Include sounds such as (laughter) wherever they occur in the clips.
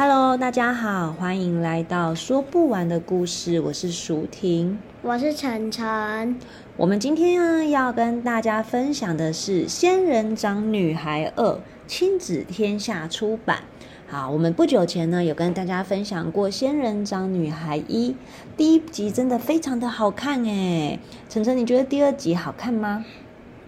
Hello，大家好，歡迎來到說不完的故事。我是舒婷，我是晨晨。我們今天呢要跟大家分享的是《仙人掌女孩二》，親子天下出版。好，我們不久前呢有跟大家分享過《仙人掌女孩一》，第一集真的非常的好看誒。晨晨，你覺得第二集好看嗎？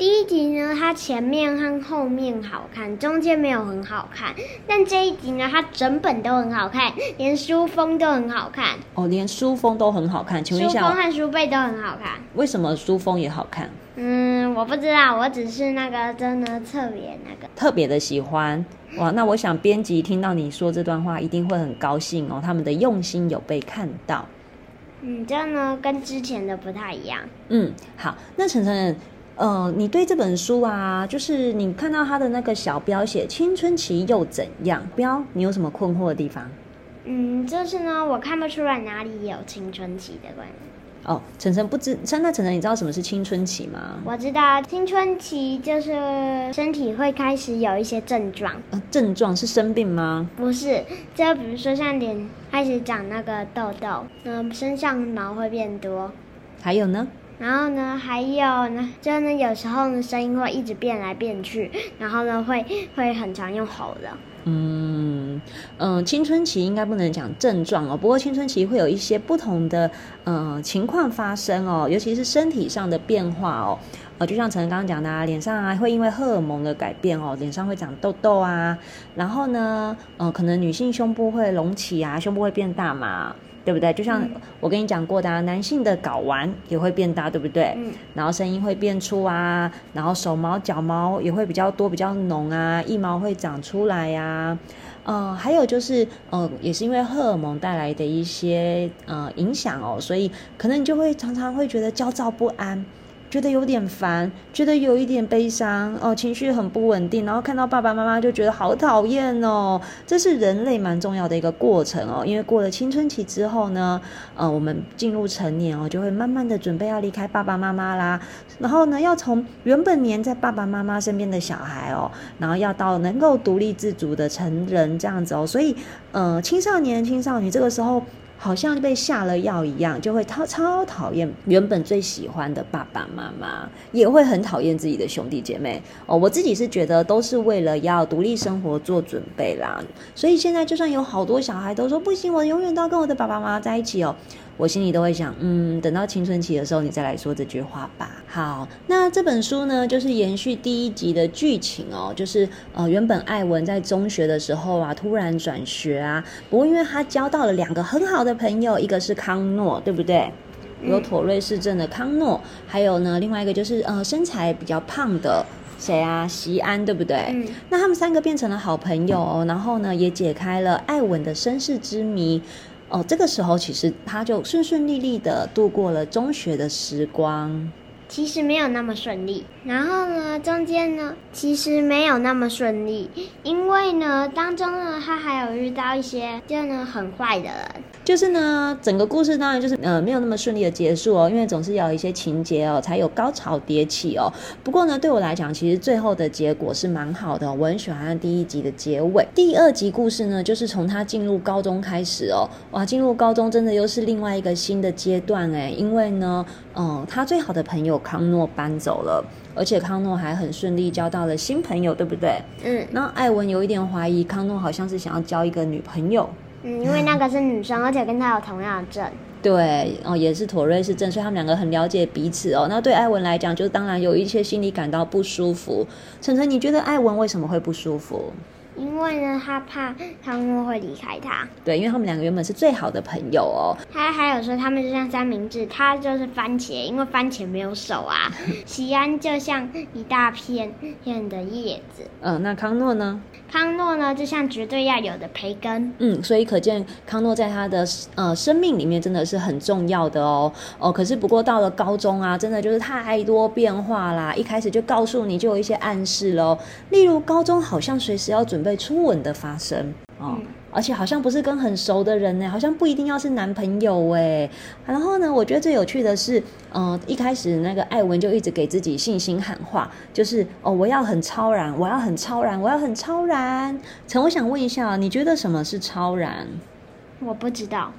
第一集呢，它前面和後面好看，中間沒有很好看。但這一集呢，它整本都很好看，連書封都很好看哦，連書封都很好看。哦、書封好看，請問一下，書封和書背都很好看。為什麼書封也好看？嗯，我不知道，我只是那個真的特別那個特別的喜歡哇。那我想編輯聽到你說這段話，一定會很高興哦，他們的用心有被看到。嗯，這樣呢跟之前的不太一樣。嗯，好，那晨晨。呃，你對這本書啊，就是你看到它的那個小標寫“青春期又怎樣”標，你有什麼困惑的地方？嗯，就是呢，我看不出來哪裡有青春期的關係。哦，晨晨不知，那晨晨你知道什麼是青春期嗎？我知道，青春期就是身體會開始有一些症狀。呃，症狀是生病嗎？不是，就比如說像臉開始長那個痘痘，嗯、呃、身上毛會變多。還有呢？然後呢，還有呢，就呢，有時候呢，聲音會一直變來變去，然後呢，會會很常用吼的。嗯嗯，呃，青春期應該不能講症狀哦，不過青春期會有一些不同的呃情況發生哦，尤其是身體上的變化哦。呃，就像陳恩剛剛講的啊，臉上啊，會因為荷爾蒙的改變哦，臉上會長痘痘啊。然後呢，呃，可能女性胸部會隆起啊，胸部會變大嘛。對不對？就像我跟你講過的啊，嗯，男性的睾丸也會變大，對不對？嗯，然後聲音會變粗啊，然後手毛、腳毛也會比較多、比較濃啊，腋毛會長出來呀，啊。呃，還有就是，呃，也是因為荷爾蒙帶來的一些呃影響哦，所以可能你就會常常會覺得焦躁不安。覺得有點煩，覺得有一點悲傷哦，情緒很不穩定，然後看到爸爸媽媽就覺得好討厭哦。這是人類蠻重要的一個過程哦，因為過了青春期之後呢，呃，我們進入成年哦，就會慢慢的準備要離開爸爸媽媽啦。然後呢，要從原本黏在爸爸媽媽身邊的小孩哦，然後要到能夠獨立自主的成人這樣子哦。所以，呃，青少年、青少女這個時候。好像被下了藥一樣，就會超超討厭原本最喜歡的爸爸媽媽，也會很討厭自己的兄弟姐妹。哦，我自己是覺得都是為了要獨立生活做準備啦。所以現在就算有好多小孩都說不行，我永遠都要跟我的爸爸媽媽在一起哦。我心裡都會想，嗯，等到青春期的時候，你再來說這句話吧。好，那這本書呢，就是延續第一集的劇情哦，就是呃，原本艾文在中學的時候啊，突然轉學啊，不過因為他交到了兩個很好的朋友，一個是康諾，對不對？有妥瑞氏症的康諾，還有呢，另外一個就是呃，身材比較胖的誰啊？席安，對不對？嗯。那他們三個變成了好朋友哦，然後呢，也解開了艾文的身世之謎。哦，這個時候其實他就順順利利的度過了中學的時光。其實沒有那麼順利，然後呢，中間呢，其實沒有那麼順利，因為呢，當中呢，他還有遇到一些真的很壞的人。就是呢，整個故事當然就是呃，沒有那麼順利的結束哦，因為總是有一些情節哦，才有高潮迭起哦。不過呢，對我來講，其實最後的結果是蠻好的哦，我很喜歡第一集的結尾。第二集故事呢，就是從他進入高中開始哦，哇，進入高中真的又是另外一個新的階段哎，因為呢。嗯，他最好的朋友康諾搬走了，而且康諾還很順利交到了新朋友，對不對？嗯，那艾文有一點懷疑，康諾好像是想要交一個女朋友，嗯，因為那個是女生，嗯，而且跟他有同樣的症，對，哦，也是妥瑞氏症，所以他們兩個很了解彼此哦。那對艾文來講，就當然有一些心裡感到不舒服。晨晨，你覺得艾文為什麼會不舒服？因為呢，他怕康諾會離開他。對，因為他們兩個原本是最好的朋友哦、喔。他還有說，他們就像三明治，他就是番茄，因為番茄沒有手啊。 (laughs) 西安就像一大片片的葉子。嗯、呃，那康諾呢？康諾呢，就像絕對要有的培根。嗯，所以可見康諾在他的呃生命裡面真的是很重要的哦。哦，可是不過到了高中啊，真的就是太多變化啦。一開始就告訴你就有一些暗示嘍、哦，例如高中好像隨時要準備初吻的發生哦。嗯而且好像不是跟很熟的人呢，好像不一定要是男朋友哎。然後呢，我覺得最有趣的是，嗯、呃，一開始那個艾文就一直給自己信心喊話，就是哦，我要很超然，我要很超然，我要很超然。陳，我想問一下，你覺得什麼是超然？我不知道。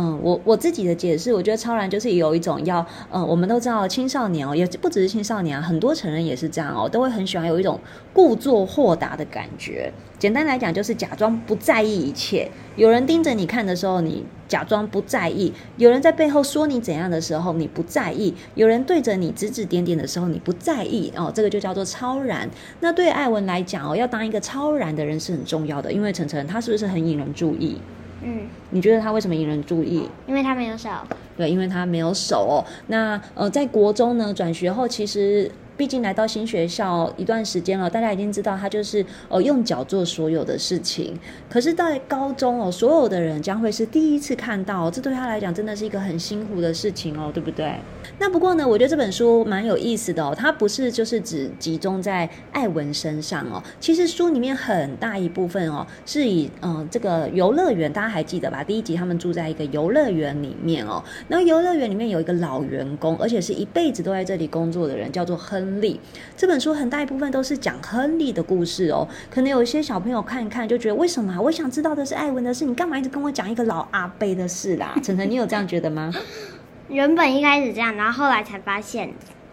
嗯，我我自己的解釋，我覺得超然就是有一種要，嗯，我們都知道青少年哦，也不只是青少年啊，很多成人也是這樣哦，都會很喜歡有一種故作豁達的感覺。簡單來講，就是假裝不在意一切。有人盯着你看的時候，你假裝不在意；有人在背後說你怎樣的時候，你不在意；有人對着你指指點點的時候，你不在意。哦，這個就叫做超然。那對艾文來講哦，要當一個超然的人是很重要的，因為晨晨他是不是很引人注意？嗯，你覺得他為什麼引人注意？因為他沒有手。對，因為他沒有手哦。那呃，在國中呢，轉學後其實。畢竟來到新學校一段時間了，大家已經知道他就是哦，用腳做所有的事情。可是，在高中哦，所有的人將會是第一次看到哦，這對他來講真的是一個很辛苦的事情哦，對不對？那不過呢，我覺得這本書蠻有意思的哦，它不是就是只集中在艾文身上哦。其實書裡面很大一部分哦，是以嗯這個遊樂園大家還記得吧？第一集他們住在一個遊樂園裡面哦，那遊樂園裡面有一個老員工，而且是一輩子都在這裡工作的人，叫做亨。亨利，這本書很大一部分都是講亨利的故事哦，可能有一些小朋友看一看就覺得，為什麼我想知道的是艾文的事，你幹嘛一直跟我講一個老阿伯的事啦？晨晨，你有這樣覺得嗎？ (laughs) 原本一開始這樣，然後後來才發現。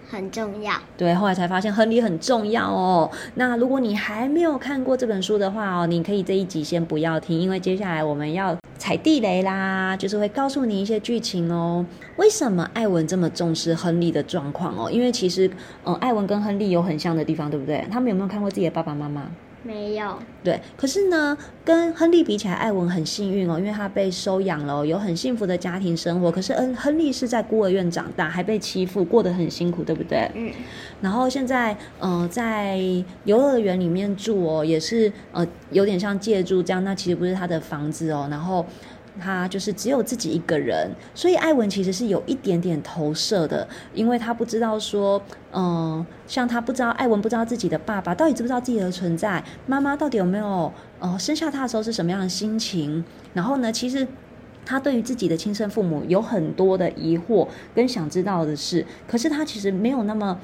很重要，對。後來才發現亨利很重要哦。那如果你還沒有看過這本書的話哦，你可以這一集先不要聽，因為接下來我們要踩地雷啦，就是會告訴你一些劇情哦。為什麼艾文這麼重視亨利的狀況哦？因為其實，嗯，艾文跟亨利有很像的地方，對不對？他們有沒有看過自己的爸爸媽媽？沒有，對，可是呢，跟亨利比起來，艾文很幸運哦，因為他被收養了哦，有很幸福的家庭生活。可是，亨利是在孤兒院長大，還被欺負，過得很辛苦，對不對？嗯。然後現在，呃，在遊樂園裡面住哦，也是呃，有點像借住這樣，那其實不是他的房子哦。然後。他就是只有自己一個人，所以艾文其實是有一點點投射的，因為他不知道說，嗯、呃、像他不知道，艾文不知道自己的爸爸到底知不知道自己的存在，媽媽到底有沒有，呃、生下他的時候是什麼樣的心情，然後呢，其實他對於自己的親生父母有很多的疑惑跟想知道的事，可是他其實沒有那麼。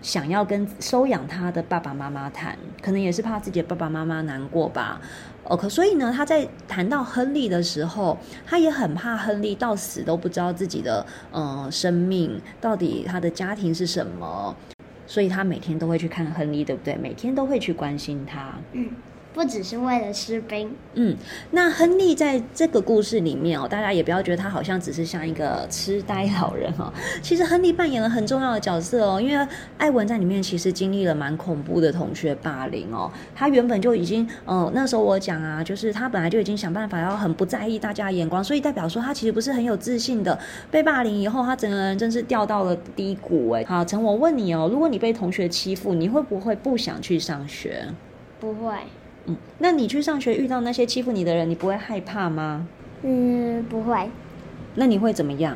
想要跟收養他的爸爸媽媽談，可能也是怕自己的爸爸媽媽難過吧。哦，可所以呢，他在談到亨利的時候，他也很怕亨利到死都不知道自己的嗯、呃、生命到底他的家庭是什麼，所以他每天都會去看亨利，對不對？每天都會去關心他。嗯。不只是為了吃冰。嗯，那亨利在這個故事裡面哦，大家也不要覺得他好像只是像一個痴呆老人哦。其實亨利扮演了很重要的角色哦，因為艾文在裡面其實經歷了蠻恐怖的同學霸凌哦。他原本就已經嗯、呃，那時候我講啊，就是他本來就已經想辦法要很不在意大家的眼光，所以代表說他其實不是很有自信的。被霸凌以後，他整個人真是掉到了低谷哎。好，陳，我問你哦，如果你被同學欺負，你會不會不想去上學？不會。嗯，那你去上學遇到那些欺負你的人，你不會害怕嗎？嗯，不會。那你會怎麼樣？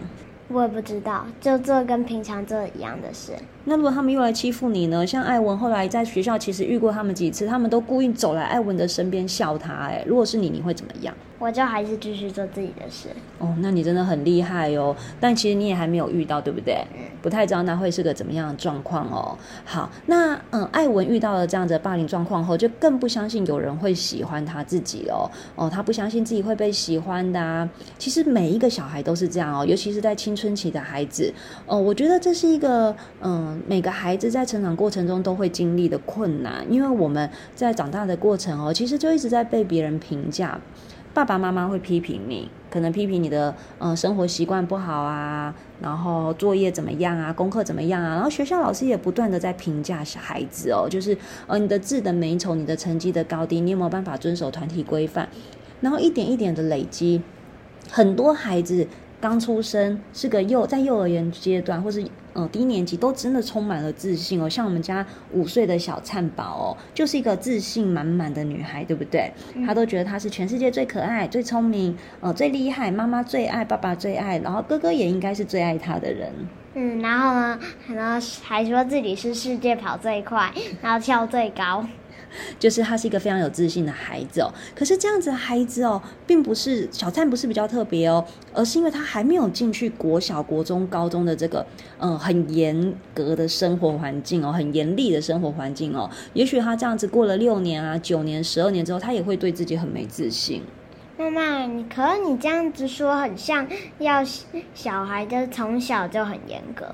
我也不知道，就做跟平常做一樣的事。那如果他們又來欺負你呢？像艾文後來在學校其實遇過他們幾次，他們都故意走來艾文的身邊笑他，欸。誒，如果是你，你會怎麼樣？我就還是繼續做自己的事哦。那你真的很厲害哦！但其實你也還沒有遇到，對不對？不太知道那會是個怎麼樣的狀況哦。好，那嗯，艾文遇到了這樣的霸凌狀況後，就更不相信有人會喜歡他自己哦。哦，他不相信自己會被喜歡的啊。其實每一個小孩都是這樣哦，尤其是在青春期的孩子。哦，我覺得這是一個嗯，每個孩子在成長過程中都會經歷的困難，因為我們在長大的過程哦，其實就一直在被別人評價。爸爸媽媽會批評你，可能批評你的呃生活習慣不好啊，然後作業怎麼樣啊，功課怎麼樣啊，然後學校老師也不斷的在評價孩子哦，就是呃你的字的美醜，你的成績的高低，你有沒有辦法遵守團體規範，然後一點一點的累積，很多孩子剛出生是個幼，在幼兒園階段，或是嗯、呃，低年級都真的充滿了自信哦，像我們家五歲的小燦寶哦，就是一個自信滿滿的女孩，對不對、嗯？她都覺得她是全世界最可愛、最聰明、呃最厲害，媽媽最愛，爸爸最愛，然後哥哥也應該是最愛她的人。嗯，然後呢，可能還說自己是世界跑最快，然後跳最高。 (laughs) 就是他是一個非常有自信的孩子哦，可是這樣子的孩子哦，並不是小燦不是比較特別哦，而是因為他還沒有進去國小、國中、高中的這個嗯、呃、很嚴格的生活環境哦，很嚴厲的生活環境哦，也許他這樣子過了六年啊、九年、十二年之後，他也會對自己很沒自信。媽媽，你可你這樣子說，很像要小孩的從小就很嚴格。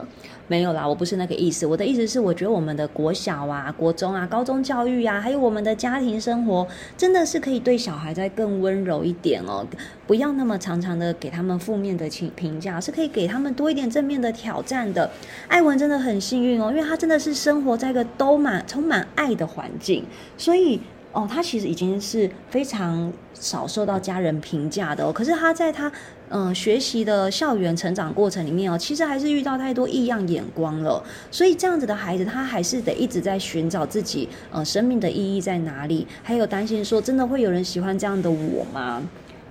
沒有啦，我不是那個意思。我的意思是，我覺得我們的國小啊、國中啊、高中教育啊，還有我們的家庭生活，真的是可以對小孩再更溫柔一點哦，不要那麼常常的給他們負面的評評價，是可以給他們多一點正面的挑戰的。艾文真的很幸運哦，因為他真的是生活在一個都滿充滿愛的環境，所以。哦，他其實已經是非常少受到家人評價的哦，可是他在他嗯、呃、學習的校園成長過程裡面哦，其實還是遇到太多異樣眼光了。所以這樣子的孩子，他還是得一直在尋找自己呃生命的意義在哪裡，還有擔心說，真的會有人喜歡這樣的我嗎？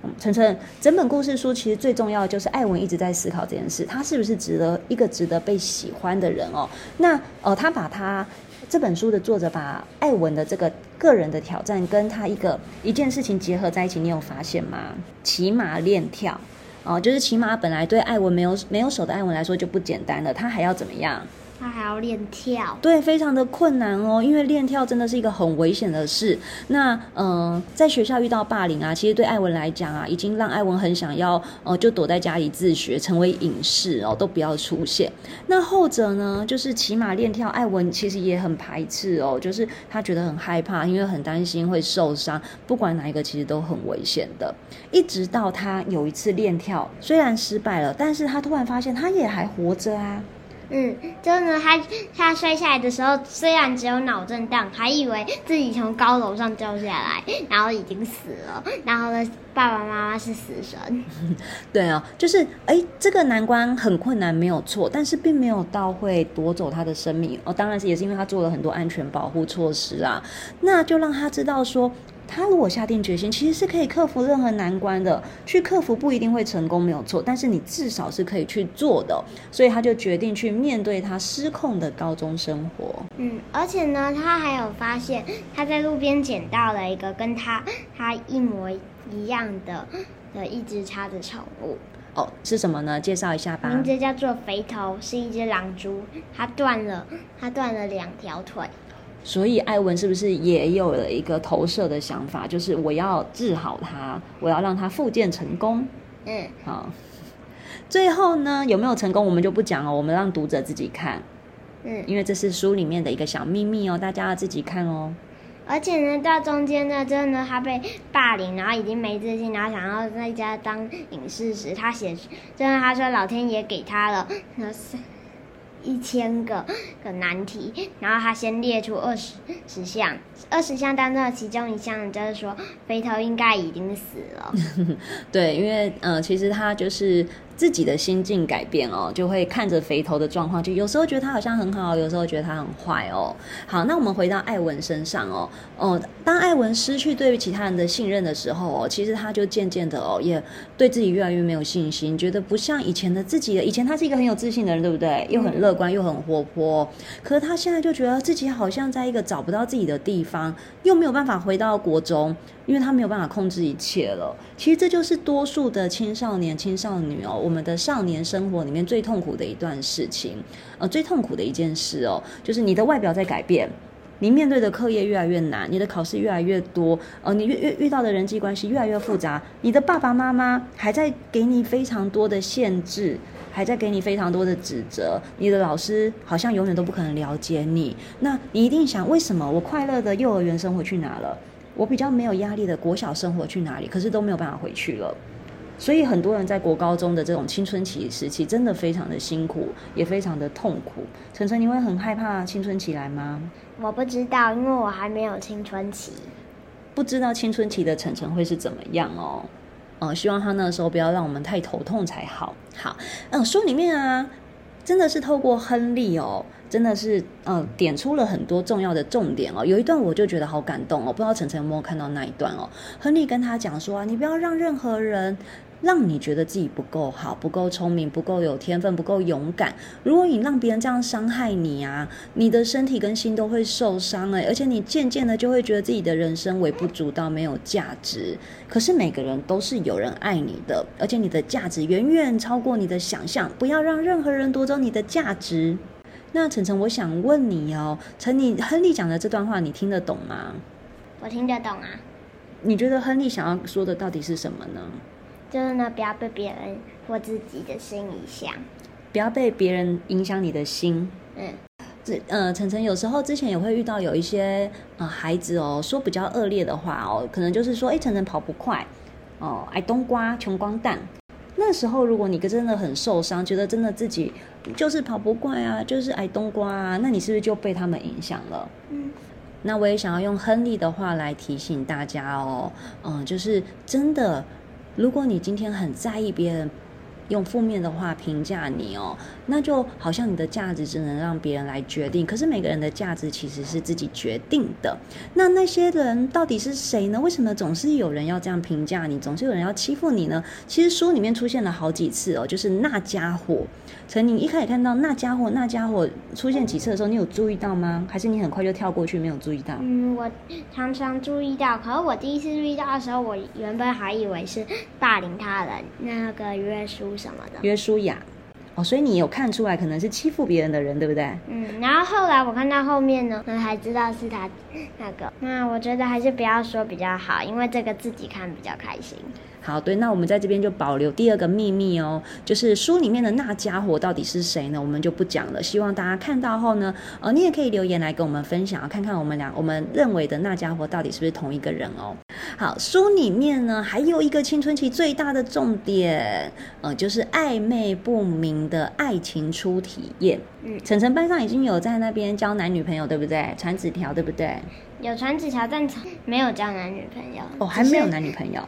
嗯，晨晨，整本故事書其實最重要的就是艾文一直在思考這件事，他是不是值得一個值得被喜歡的人哦？那哦、呃，他把他。這本書的作者把艾文的這個個人的挑戰跟他一個一件事情結合在一起，你有發現嗎？騎馬練跳，哦，就是騎馬本來對艾文沒有沒有手的艾文來說就不簡單了，他還要怎麼樣？他還要練跳，對，非常的困難哦，因為練跳真的是一個很危險的事。那，嗯、呃，在學校遇到霸凌啊，其實對艾文來講啊，已經讓艾文很想要，呃，就躲在家裡自學，成為隱士哦，都不要出現。那後者呢，就是騎馬練跳，艾文其實也很排斥哦，就是他覺得很害怕，因為很擔心會受傷。不管哪一個，其實都很危險的。一直到他有一次練跳，雖然失敗了，但是他突然發現，他也還活着啊。嗯，就是他，他摔下來的時候，雖然只有腦震盪，還以為自己從高樓上掉下來，然後已經死了。然後呢，爸爸媽媽是死神。 (laughs) 對啊、哦，就是哎、欸，這個難關很困難，沒有錯，但是並沒有到會奪走他的生命哦。當然是也是因為他做了很多安全保護措施啊，那就讓他知道說。他如果下定決心，其實是可以克服任何難關的。去克服不一定會成功，沒有錯，但是你至少是可以去做的。所以他就決定去面對他失控的高中生活。嗯，而且呢，他還有發現他在路邊撿到了一個跟他他一模一樣的的一隻叉的寵物。哦，是什麼呢？介紹一下吧。名字叫做肥頭，是一隻狼蛛。它斷了，它斷了兩條腿。所以艾文是不是也有了一個投射的想法，就是我要治好他，我要讓他復健成功。嗯，好，最後呢，有沒有成功，我們就不講了，哦，我們讓讀者自己看。嗯，因為這是書裡面的一個小秘密哦，大家要自己看哦。而且呢，到中間呢真的他被霸凌，然後已經沒自信，然後想要在家當隱士時，他寫，真的他說老天爺給他了，那是。一千個個難題，然後他先列出二十十項，二十項當中的其中一項就是說，飛頭應該已經死了。 (laughs) 對，因為嗯、呃，其實他就是。自己的心境改變哦，就會看着肥頭的狀況，就有時候覺得他好像很好，有時候覺得他很壞哦。好，那我們回到艾文身上哦，哦，呃，當艾文失去對於其他人的信任的時候哦，其實他就漸漸的哦，也對自己越來越沒有信心，覺得不像以前的自己了。以前他是一個很有自信的人，對不對？又很樂觀，又很活潑。可是他現在就覺得自己好像在一個找不到自己的地方，又沒有辦法回到國中。因為他沒有辦法控制一切了。其實這就是多數的青少年、青少女哦，我們的少年生活裡面最痛苦的一段事情，呃，最痛苦的一件事哦，就是你的外表在改變，你面對的課業越來越難，你的考試越來越多呃越，呃，你遇遇遇到的人際關係越來越複雜，你的爸爸媽媽還在給你非常多的限制，還在給你非常多的指責，你的老師好像永遠都不可能了解你。那你一定想，為什麼我快樂的幼兒園生活去哪了？我比較沒有壓力的國小生活去哪裡？可是都沒有辦法回去了，所以很多人在國高中的這種青春期時期，真的非常的辛苦，也非常的痛苦。晨晨，你會很害怕青春期來嗎？我不知道，因為我還沒有青春期，不知道青春期的晨晨會是怎麼樣哦。嗯，希望他那時候不要讓我們太頭痛才好。好，嗯，書裡面啊，真的是透過亨利哦。真的是，嗯、呃，點出了很多重要的重點哦、喔。有一段我就覺得好感動哦、喔，不知道晨晨有沒有看到那一段哦、喔。亨利跟他講說啊，你不要讓任何人讓你覺得自己不夠好、不夠聰明、不夠有天分、不夠勇敢。如果你讓別人這樣傷害你啊，你的身體跟心都會受傷誒、欸。而且你漸漸的就會覺得自己的人生微不足道，沒有價值。可是每個人都是有人愛你的，而且你的價值遠遠超過你的想象。不要讓任何人奪走你的價值。那晨晨，我想問你哦，陳你亨利講的這段話，你聽得懂嗎？我聽得懂啊。你覺得亨利想要說的到底是什麼呢？就是呢，不要被別人或自己的心影響，不要被別人影響你的心。嗯，這呃，晨晨有時候之前也會遇到有一些呃孩子哦，說比較惡劣的話哦，可能就是說，誒晨晨跑不快哦，矮冬瓜，窮光蛋。那時候，如果你真的很受傷，覺得真的自己就是跑不過啊，就是矮冬瓜啊，那你是不是就被他們影響了？嗯，那我也想要用亨利的話來提醒大家哦，嗯，就是真的，如果你今天很在意別人。用負面的話評價你哦、喔，那就好像你的價值只能讓別人來決定。可是每個人的價值其實是自己決定的。那那些人到底是誰呢？為什麼總是有人要這樣評價你？總是有人要欺負你呢？其實書裡面出現了好幾次哦、喔，就是那家伙。從你一開始看到那家伙，那家伙出現幾次的時候，你有注意到嗎？還是你很快就跳過去沒有注意到？嗯，我常常注意到，可是我第一次注意到的時候，我原本還以為是霸凌他人，那個約束。什麼的約書亞，哦，所以你有看出來可能是欺負別人的人，對不對？嗯，然後後來我看到後面呢，才知道是他那個，那我覺得還是不要說比較好，因為這個自己看比較開心。好，對，那我們在這邊就保留第二個秘密哦，就是書裡面的那傢伙到底是誰呢？我們就不講了。希望大家看到後呢，呃，你也可以留言來跟我們分享啊，看看我們倆我們認為的那傢伙到底是不是同一個人哦。好，書裡面呢還有一個青春期最大的重點，呃，就是曖昧不明的愛情初體驗。嗯，晨晨班上已經有在那邊交男女朋友，對不對？傳紙條，對不對？有傳紙條，但沒有交男女朋友。哦，還沒有男女朋友。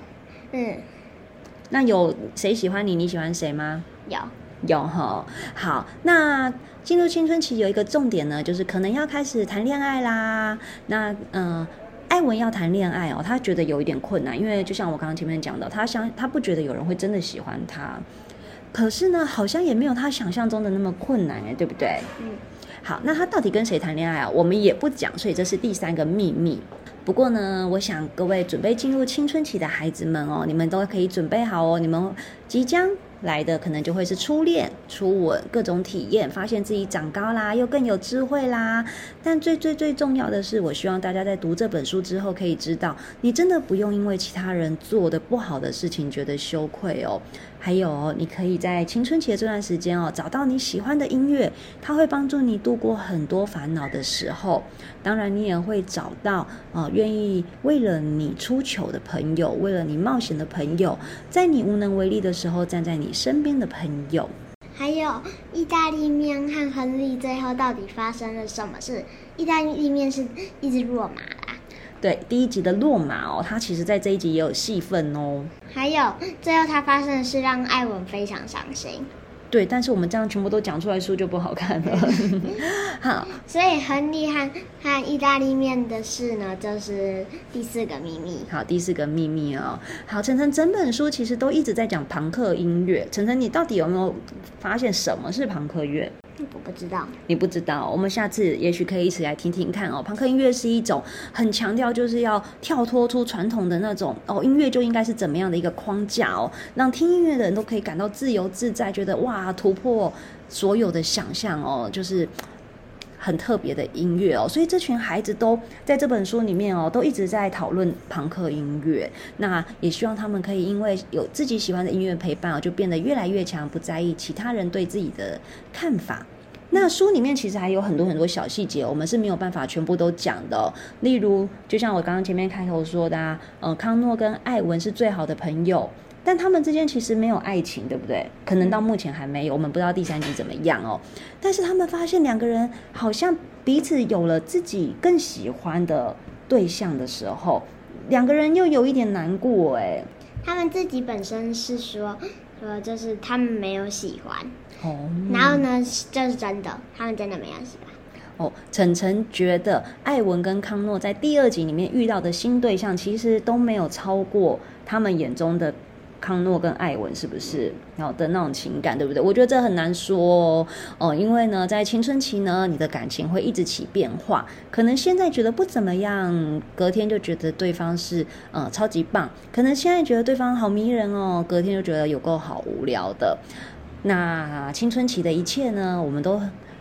嗯，那有誰喜歡你？你喜歡誰嗎？有，有吼。好，那進入青春期有一個重點呢，就是可能要開始談戀愛啦。那嗯，呃，艾文要談戀愛哦，他覺得有一點困難，因為就像我剛剛前面講的，他想他不覺得有人會真的喜歡他，可是呢，好像也沒有他想象中的那麼困難誒，對不對？嗯。好，那他到底跟誰談戀愛啊？我們也不講，所以這是第三個秘密。不過呢，我想各位準備進入青春期的孩子們哦，你們都可以準備好哦。你們即將來的可能就會是初戀、初吻，各種體驗，發現自己長高啦，又更有智慧啦。但最最最重要的是，我希望大家在讀這本書之後，可以知道，你真的不用因為其他人做的不好的事情覺得羞愧哦。還有，你可以在青春期的這段時間哦，找到你喜歡的音樂，它會幫助你度過很多煩惱的時候。當然，你也會找到呃，願意為了你出糗的朋友，為了你冒險的朋友，在你無能為力的時候站在你身邊的朋友。還有，意大利面和亨利最後到底發生了什麼事？意大利面是一隻弱馬了。對第一集的落馬哦，他其實在這一集也有戲份哦。還有最後他發生的事讓艾文非常傷心。對，但是我們這樣全部都講出來書就不好看了。 (laughs) 好，所以亨利和和意大利面的事呢，就是第四個秘密。好，第四個秘密哦。好，晨晨，整本書其實都一直在講朋克音樂。晨晨，你到底有沒有發現什麼是朋克樂？我不知道，你不知道，我們下次也許可以一起來聽聽看哦。龐克音樂是一種很強調，就是要跳脫出傳統的那種哦，音樂就應該是怎麼樣的一個框架哦，讓聽音樂的人都可以感到自由自在，覺得哇，突破所有的想象哦，就是。很特別的音樂哦，所以這群孩子都在這本書裡面哦，都一直在討論朋克音樂。那也希望他們可以因為有自己喜歡的音樂陪伴啊、哦，就變得越來越強，不在意其他人對自己的看法。那書裡面其實還有很多很多小細節，我們是沒有辦法全部都講的、哦。例如，就像我剛剛前面開頭說的、啊，嗯、呃，康諾跟艾文是最好的朋友。但他們之間其實沒有愛情，對不對？可能到目前還沒有，我們不知道第三集怎麼樣哦。但是他們發現兩個人好像彼此有了自己更喜歡的對象的時候，兩個人又有一點難過哎。他們自己本身是說說就是他們沒有喜歡哦，然後呢，這是真的，他們真的沒有喜歡。哦，晨晨覺得艾文跟康諾在第二集裡面遇到的新對象，其實都沒有超過他們眼中的。康諾跟艾文是不是？然後的那種情感，對不對？我覺得這很難說哦，因為呢，在青春期呢，你的感情會一直起變化。可能現在覺得不怎麼樣，隔天就覺得對方是嗯、呃、超級棒。可能現在覺得對方好迷人哦，隔天就覺得有夠好無聊的。那青春期的一切呢，我們都。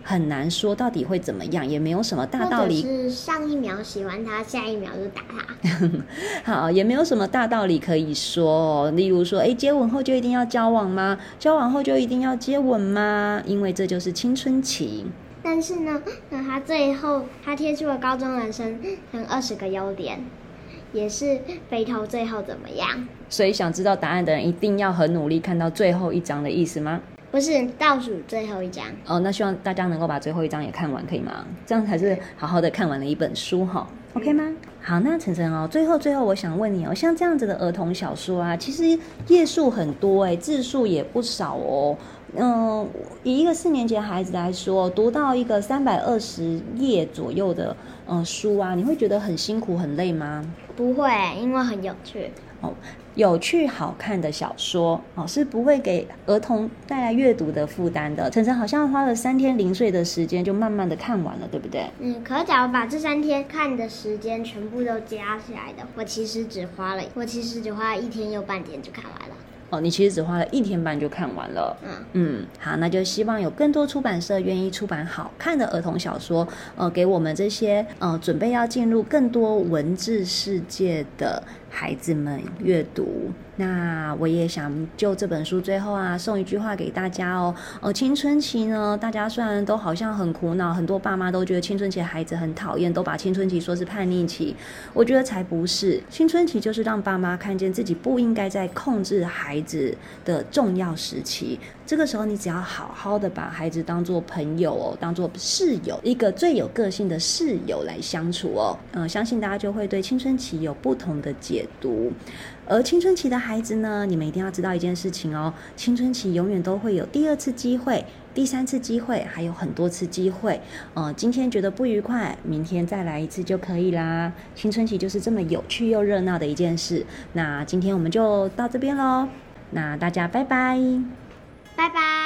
很難說到底會怎麼樣，也沒有什麼大道理。是上一秒喜歡他，下一秒就打他。 (laughs) 好，也沒有什麼大道理可以說。例如說，哎，接吻後就一定要交往嗎？交往後就一定要接吻嗎？因為這就是青春期。但是呢，那他最後他貼出了高中男生跟二十個優點，也是肥頭最後怎麼樣？所以，想知道答案的人一定要很努力看到最後一章的意思嗎？不是倒數最後一張哦，那希望大家能夠把最後一張也看完，可以嗎？這樣才是好好的看完了一本書哈、嗯哦，OK 嗎？好，那晨晨哦，最後最後我想問你哦，像這樣子的兒童小說啊，其實頁數很多哎、欸，字數也不少哦，嗯，以一個四年級的孩子來說，讀到一個三百二十頁左右的嗯書啊，你會覺得很辛苦很累嗎？不會，因為很有趣。哦，有趣好看的小說哦，是不會給兒童帶來閱讀的負擔的。晨晨好像花了三天零碎的時間就慢慢的看完了，對不對？嗯，可假如把這三天看的時間全部都加起來的，我其實只花了，我其實只花了一天又半天就看完了。哦，你其實只花了一天半就看完了。嗯嗯，好，那就希望有更多出版社願意出版好看的兒童小說，呃，給我們這些呃準備要進入更多文字世界的孩子們閱讀，那我也想就這本書最後啊，送一句話給大家哦。哦、呃，青春期呢，大家雖然都好像很苦惱，很多爸媽都覺得青春期的孩子很討厭，都把青春期說是叛逆期。我覺得才不是，青春期就是讓爸媽看見自己不應該在控制孩子的重要時期。這個時候，你只要好好的把孩子當做朋友哦，當做室友，一個最有個性的室友來相處哦。嗯、呃，相信大家就會對青春期有不同的解。解讀，而青春期的孩子呢，你們一定要知道一件事情哦：青春期永遠都會有第二次機會、第三次機會，還有很多次機會。呃，今天覺得不愉快，明天再來一次就可以啦。青春期就是這麼有趣又熱鬧的一件事。那今天我們就到這邊嘍，那大家拜拜，拜拜。